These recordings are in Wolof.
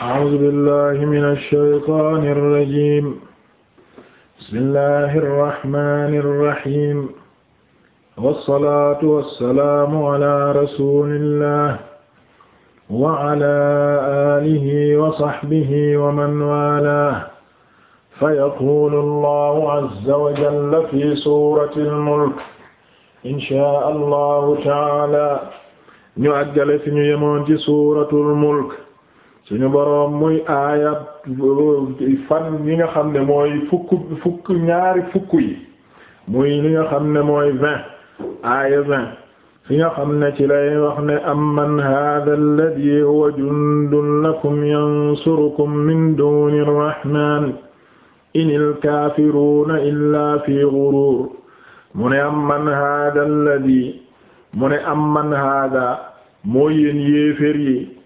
أعوذ بالله من الشيطان الرجيم بسم الله الرحمن الرحيم والصلاة والسلام على رسول الله وعلى آله وصحبه ومن والاه فيقول الله عز وجل في سورة الملك إن شاء الله تعالى ñu àggale fi ñu yemoon ci suuratul mulk suñu boroom muy aaya fan yi nga xam ne mooy fukk fukk ñaari fukk yi muy li nga xam ne mooy vingt aaya vingt fi nga xam ne ci lay wax ne amman hadha alladhi huwa jundun lakum yansurukum min duni rrahman inil kaafiruuna illaa fi ghuruur mu ne amman hadha alladhi mu ne amman hadha mooy yéen yéefér yi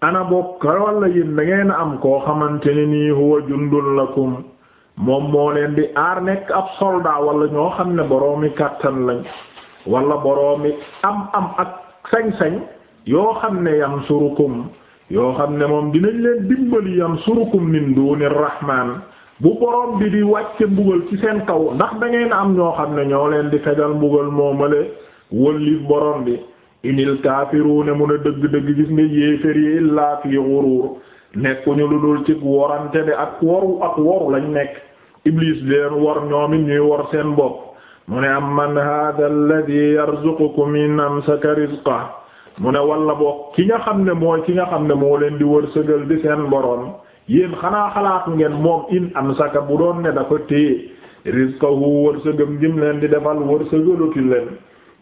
ana bokk walla yéen da ngeen am koo xamante ne nii huwa jundul lakum moom moo leen di aar nekk ab soldaa walla ñoo xam ne boroomi kàttan lañ wala boroomi am am ak sañ-sañ yoo xam ne yamsurukum yoo xam ne moom dinañ leen dimbali yamsurukum min duunir rahmaan bu boroom bi di wàcce mbugal ci seen kaw ndax da ngeen am ñoo xam ne ñoo leen di fegal mbugal moomale wëllif boroom bi inil kaafiruuna mun a dëgg-dëgg gis nga yéefér yi illaa fii xuruur ñu lu dul cig worante de ak woru ak woru lañ nekk iblis leen wor ñoomit ñuy wor seen bopp mu ne am man hada alladi yarzuqukum in amsaka rizqa mu ne walla boog ki nga xam ne mooy ki nga xam ne moo leen di wërsëgal di seen boroom yéen xanaa xalaat ngeen moom in amsaka bu doon ne dafa téye rizqahu wërsëgam jim leen di defal wërsëgalatu leen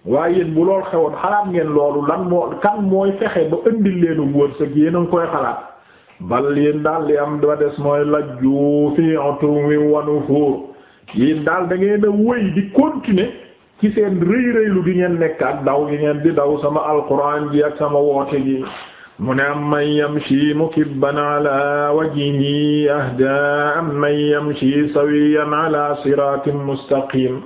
waaye yéen bu lool xewoon xalaat ngeen loolu lan moo kan mooy fexe ba indil leenu wërsëg yéen a koy xalaat bal yéen daal di am ba des mooy lajju fi utwi wa nufur yéen daal da ngeen a wëy di continuer ci seen rëy rëylu gi ngeen nekk ak daw gi ngeen di daw sama alquran ji ak sama woote gi mu ne am man yamshi mukibban ala wajhihi ahda am man yamshi sawiyan ala siratin mustaqim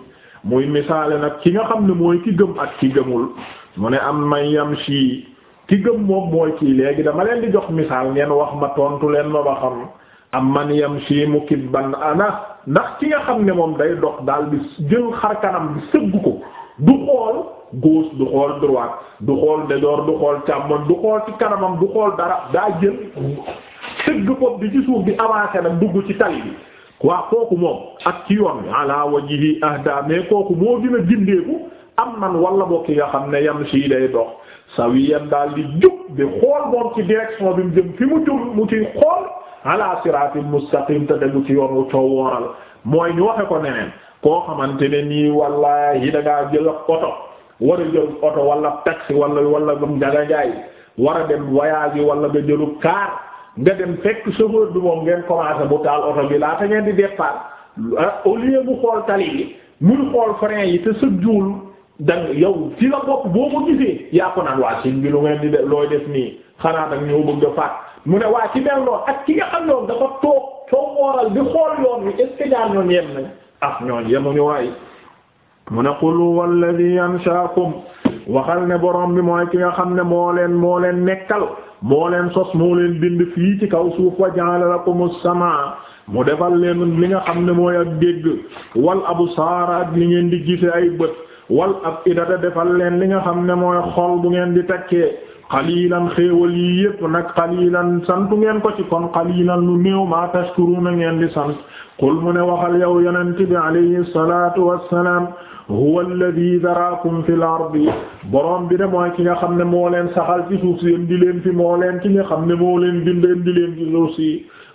muy misaale nag ki nga xam ne mooy ki gëm ak ki gëmul mu ne am man yamshi ki gëm moom mooy kii léegi dama leen di jox misaal ngeen wax ma tontu leen ma ba xam am man yamshi mukibban ana ndax ki nga xam ne moom day dox daal di jël xar kanam bi sëgg ko du xool gauche du xool droite du xool déjoor du xool càmmoñ du xool ci kanamam du xool dara daa jël sëgg ko bi ci suuf bi avancé nag dugg ci tali bi waa kooku moom ak ci yoon wi ala wajhi ahda kooku moo gën a gindeeku am man wala bokki nga xam ne yam sii day dox sawiyan daal di jub di xool moom ci direction bi mu jëm fi mu jëm mu ciy xool ala siratil te degu ci yoon wu coow wooral mooy ñu waxe ko neneen koo xamante ne nii wallahi da ngaa jël oto war a jël oto wala walla wala wala njagajaay war a dem voyage wala nga jëlu car nga dem fekk chauffeur bi moom ngeen commencé mu taal oto bi laata ngeen di départ ah, au lieu mu xool tali bi muy xool frein yi te sëb juul dang yow ci la bopp boo ko gisee yaa ko naan waa sin bi lu ngeen di def looy def nii xanaa nag ñoo bëgg a faat mu ne waa ci mel noonu ak ki nga xam yoon dafa toog soo mooral di xool yoon wi est ce que ñaar ñoon yem nañ ah waaye mu ne qul huwa alladhi anshaakum waxal ne borom bi mooy ki nga xam ne moo leen moo leen nekkal moo leen sos moo leen bind fii ci kaw suuf wa ko lakumu samaa mu defal leen li nga xam ne mooy ak dégg wal absaara ak li ngeen di gise ay bët wal af'idata defal leen li nga xam ne mooy xol bu ngeen di takkee xalilan xéewal yi yépp nag xalilan santu ngeen ko ci kon xalilan lu néew maa tashkuruna ngeen di sant qul mu ne waxal yow yonent bi alayhi salaatu wassalaam huwa alladhi daraakum fil ardi borom bi de mooy ki nga xam ne moo leen saxal ci suuf si indi leen fi moo leen ki nga xam ne moo leen bind indi leen ci suuf si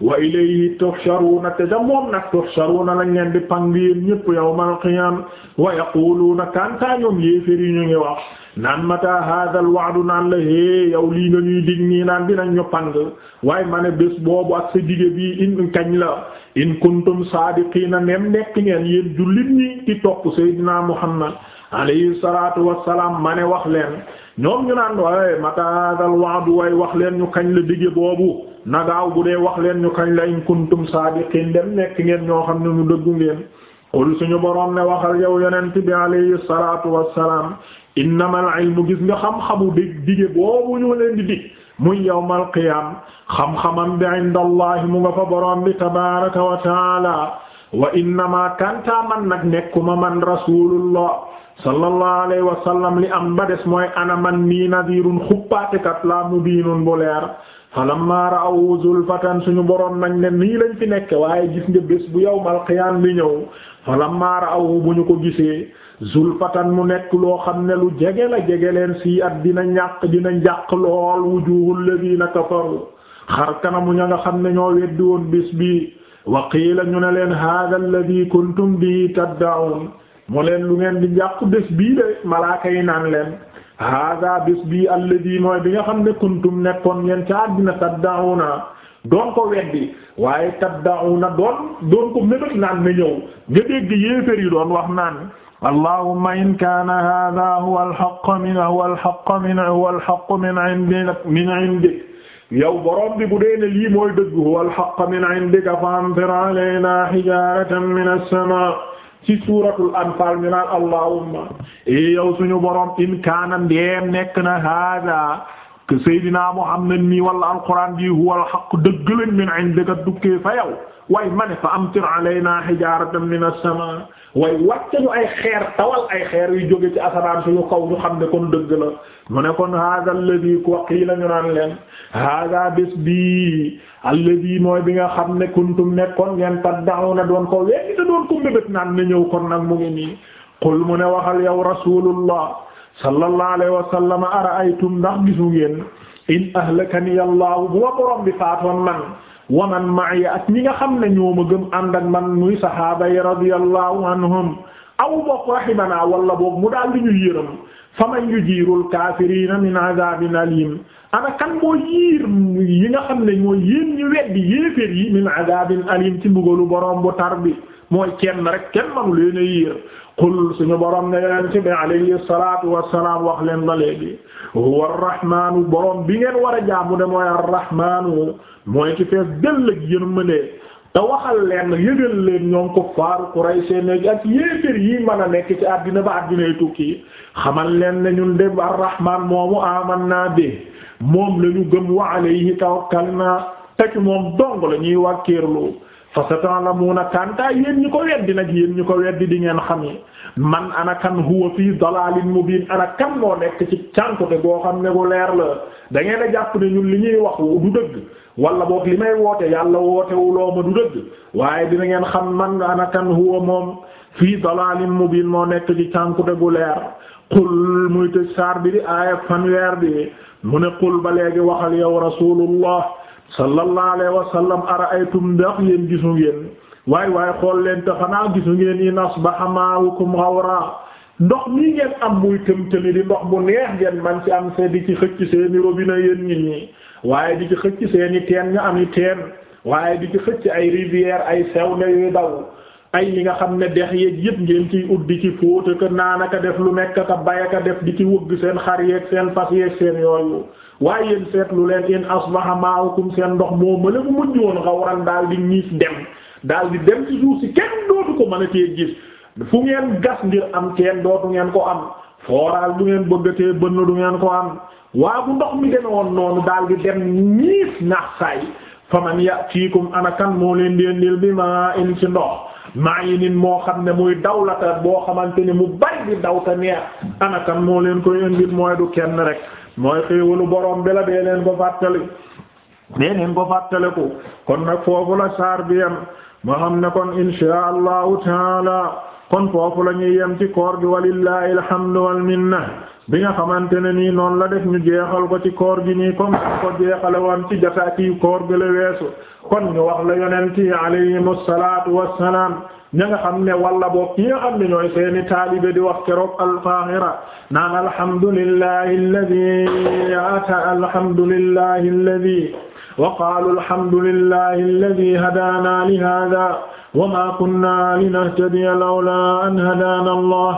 wa ilayhi tuhsharuna te da moom nag tuhsharuna la ngeen di pang yéen ñépp yawmal qiyaam wa yaquluuna kantaa ñoom yéefér yi ñu ngi wax naan mata hadha al wa'du naan la hé yow lii nga ñuy dig nii naan dinañ ñu pang waaye ma ne bés boobu ak sa dige bi in kañ la in kuntum saadiqiina nem nekk ngeen yéen jullit ñi ci topp seydina muhammad alayhi salatu wasalaam ma ne wax leen ñoom ñu naan waaye mata hadha al wa'du way wax leen ñu kañ la dige boobu nagaaw bu dee wax leen ñu kañ la in kuntum saadiqiin dem nekk ngeen ñoo xam ne ñu dëggu ngeen qul suñu boroom ne waxal yow yonent bi alayhi salatu innamal ilmu gis nga xam-xamu dig dige boobu ñu leen di dig muy yawmal qiyaam xam-xamam bi indallahi mu nga fa borom bi tabaaraka wa taala wa innama kantaa man nag nekkuma man rasulullah sallallahu alayhi wa sallam li am ba des mooy ana man nii nadirun xuppaatekat la mubiinun bu leer falamma ra'aw zulfatan suñu boroom nañ ne nii lañ fi nekk waaye gis nga bés bu yawmal qiyaam bi ñëw falamma ra'aw bu ñu ko gisee zulfatan mu nekk loo xam ne lu jege la jege leen sii at dina ñàq dina njàq lool wujuhul ladina kafaru xar kanamu ña nga xam ne ñoo weddi woon bis bi wa qiila ñu ne leen hada alladhi kuntum bi taddaawun moo leen lu ngeen di njàq bés bi de malaaka yi naan leen hada bés bii alladhi mooy bi nga xam ne kuntum nekkoon ngeen ca àddina taddaawuna doon ko weddi waaye taddaawuna doon doon ko mébét naan na ñëw nga dégg yéeféer yi doon wax naan allahumma in kaana haadaa huwa alxaq min huwa alxaq min huwa alxaq min indina min indik yow borom bi bu dee ne lii mooy dëgg huwa alxaq min indika fa amtir alaynaa hijaaratan min as-samaa ci suuratul anfaal ñu naan allahumma yow suñu borom in kaana ndéem nekk na haadaa que Seydina Muhammad nii wala alquran ji huwa alhaq dëgg lañ min indika dukkee fa yow waaye ma ne fa amtir alaynaa hijaaratan min as-samaa waaye wàcce ñu ay xeer tawal ay xeer yu jóge ci asamaan suñu kaw ñu xam ne kon dëgg la mu ne kon haaza alladhi ko qiila ñu naan leen haaza bés bii alladhi mooy bi nga xam ne kuntum nekkoon ngeen tad'uuna doon ko wéy te doon ko mbébét naan na ñëw kon nag mu ngi qul mu ne waxal yow rasulullah sallallahu alayhi wa sallam ara'aytum ndax gisu ngeen in ahlakani allahu bu ma borom bi faatoon man wa man ma'iya ak ñi nga xam ne ñoo ma gëm ànd ak man muy saxaaba yi radiyallahu anhum aw bokk rahimanaa wala boog mu daal di ñu yërëm faman yujiirul kaafiriina min azaabin aliim ana kan moo yiir yi nga xam ne ñoo yéen ñu yi ci mbugalu borom bu tar bi mooy kenn rek kenn manu leen a yéer qul suñu borom ne yonent bi alayhi salaatu wassalaam wax leen ba léegi huwa arrahmaanu borom bi ngeen war a jaamu de mooy arrahmaanu mooy ci fees dellëg yërmande te waxal leen yëgal leen ñoom kuffaaru Quraysh nekk ak yéeféer yi mën a nekk ci àddina ba àddinay tukki xamal leen ne ñun de arrahmaan moomu amanna bi moom lañu gëm wa alayhi tawakkalna te ci moom dong lañuy wàkkiirlu fa sata'lamuuna kantaa yéen ñi ko weddi nag yéen ñi ko weddi di ngeen xam yi man ana kan huwa fii dalaalin mubiin ana kan moo nekk ci cànkute boo xam ne gu leer la dangeen ngeen a jàpp ne ñun li ñuy wax du dëgg wala boog li may woote yàlla wootewuloo ma du dëgg waaye dina ngeen xam man ana kan huwa moom fii dalaalin mubiin moo nekk ci cànkute gu leer qul muy tëj saar bi di aaya fanweer bi mu ne qul ba léegi waxal yow rasulullah sallallahu alayhi wa sallam ara'aytum ndax yéen gisu ngeen waay waaye xool leen te xanaa gisu ngeen in asbaha ma'ukum ghawra ndox mii ngeen am muy tëmtëmi di ndox bu neex ngeen man ci am see di ci xëcc seeni robinet yéen ngi ñi waaye di ci xëcc seeni teen nga ami teen waaye di ci xëcc ay rivière ay sew ne yuy daw ay li nga xam ne dex yeeg yëpp ngeen ci ut di ci fóota ka naanaka def lu nekk ka bayaka def di ci wëgg seen xar yeeg seen fas yeeg seen yooyu waa yéen seetlu leen in asbaha ma'ukum seen ndox moo mala mu mujj woon xawran daal di ñiis dem daal di dem ci suuf si kenn dootu ko mën a tee gis fu ngeen gas ngir am teen dootu ngeen ko am forage du ngeen bëggatee bënn du ngeen ko am waa bu ndox mi deme noonu daal di dem ñiis nax saay faman yatiikum ana kan moo leen di indil bi ma in ci ndox ma'inin moo xam ne muy dawlata boo xamante ni mu bari di daw ta neex ana kan moo leen koy indil mooy du kenn rek mooy xéewalu borom bi la dee leen ko fàttali dee ko fàttaliku kon nag foofu la saar bi yam moo xam ne kon insha allahu taala kon foofu la ñuy yem ci koor gi walillahi alhamdu wal minna bi nga xamante ne ni noonu la def ñu jeexal ko ci koor gi nii comme ko jeexale woon ci jataat yi koor gi la weesu kon ñu wax la yonent yi alayhimu salaatu wassalaam ña nga xam ne walla boog yi nga xam ne ñooy seeni taalibe di wax keroog alqaahira naan alhamdulillahi alladhi ata alhamdulillahi alladhi wa qaalu alhamdulillahi alladhi hadaana li haadaa wa maa kunnaa linahtadiya lawlaa an hadaanaa Allah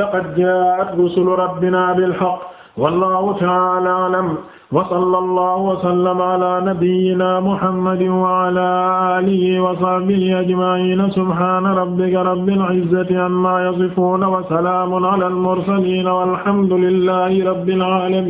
laqad jaa'at rusulu rabbinaa bilhaqq wallaahu ta'aalaa a'lam wa sallallaahu wa sallama alaa nabiyyinaa Muhammadin wa alaa aalihi wa sahbihi ajma'iin subhaana rabbika rabbil izzati ammaa yasifuun wa salaamun alal mursaliin walhamdu lillaahi rabbil aalamiin